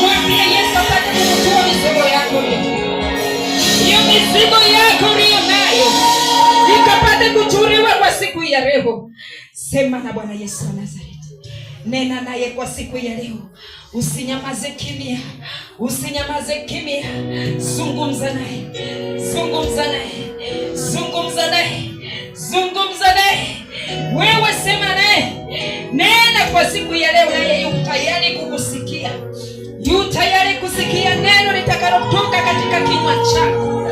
Mwambie Yesu apate mizigo yako hiyo mizigo yako uliyo nayo ikapate kwa siku ya leo. Sema na Bwana Yesu wa Nazareti, nena naye kwa siku ya leo. Usinyamaze kimya, usinyamaze kimya, zungumza naye, zungumza naye, zungumza naye, zungumza naye. Wewe sema naye, nena kwa siku ya leo, naye yuko tayari kukusikia yu tayari kusikia neno litakalotoka katika kinywa chako,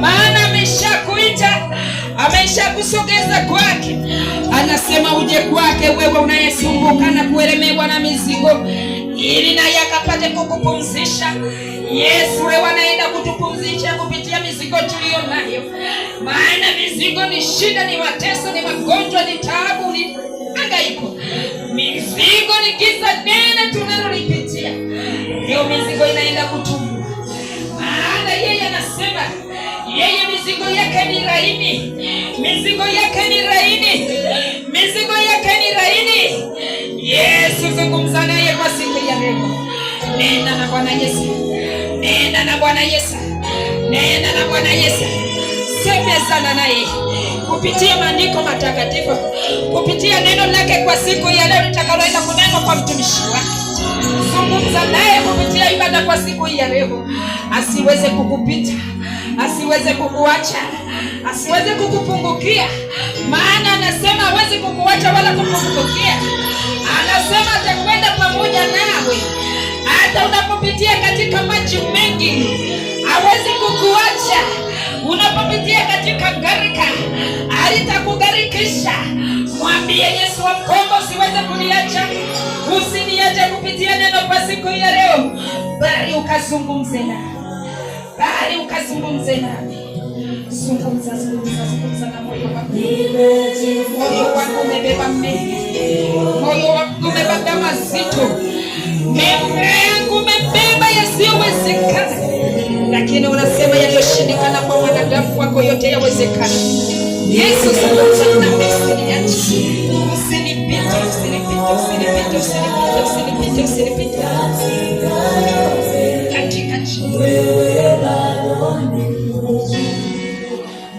maana ameshakuita, ameshakusogeza kwake. Anasema uje kwake wewe unayesumbuka na kuelemewa na mizigo, ili naye akapate kukupumzisha. Yesu, wewe anaenda kutupumzisha kupitia mizigo tuliyo nayo, maana mizigo ni shida, ni mateso, ni magonjwa, ni taabu, ni laini, mizigo yake ni laini, mizigo yake ni laini. Yesu, zungumza naye kwa siku ya leo. Nena na Bwana Yesu, nena na Bwana Yesu, nena na Bwana Yesu, semezana naye kupitia maandiko matakatifu, kupitia neno lake kwa siku ya leo litakaloenda kunena kwa mtumishi wake. Zungumza naye kupitia ibada kwa siku ya leo, asiweze kukupita, asiweze kukuacha asiweze kukupungukia, maana anasema awezi kukuacha wala kukupungukia. Anasema atakwenda pamoja nawe hata unapopitia katika maji mengi, awezi kukuacha. Unapopitia katika garika alitakugarikisha Mwambie Yesu wa Mkombo, usiweze kuniacha, usiniacha kupitia neno kwa siku ya leo, bali ukazungumze nami, bali ukazungumze nami Zungumza, zungumza, zungumza moyo wako. umebeba mengi, moyo wako umebeba mazito, mioyo yangu umebeba yasiyowezekana, lakini unasema yaliyoshindikana kwa mwanadamu wako yote yawezekana. Yesu, zungumza usinipite, usinipite, usinipite, usinipite, usinipite, usinipite katika jina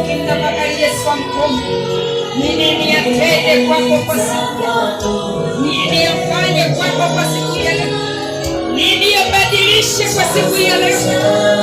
ukimtafakari Yesu wa mkombo, ni nini yatende kwako kwa siku, nini yafanye kwako kwa siku ya leo, nini yabadilishe kwa siku ya leo.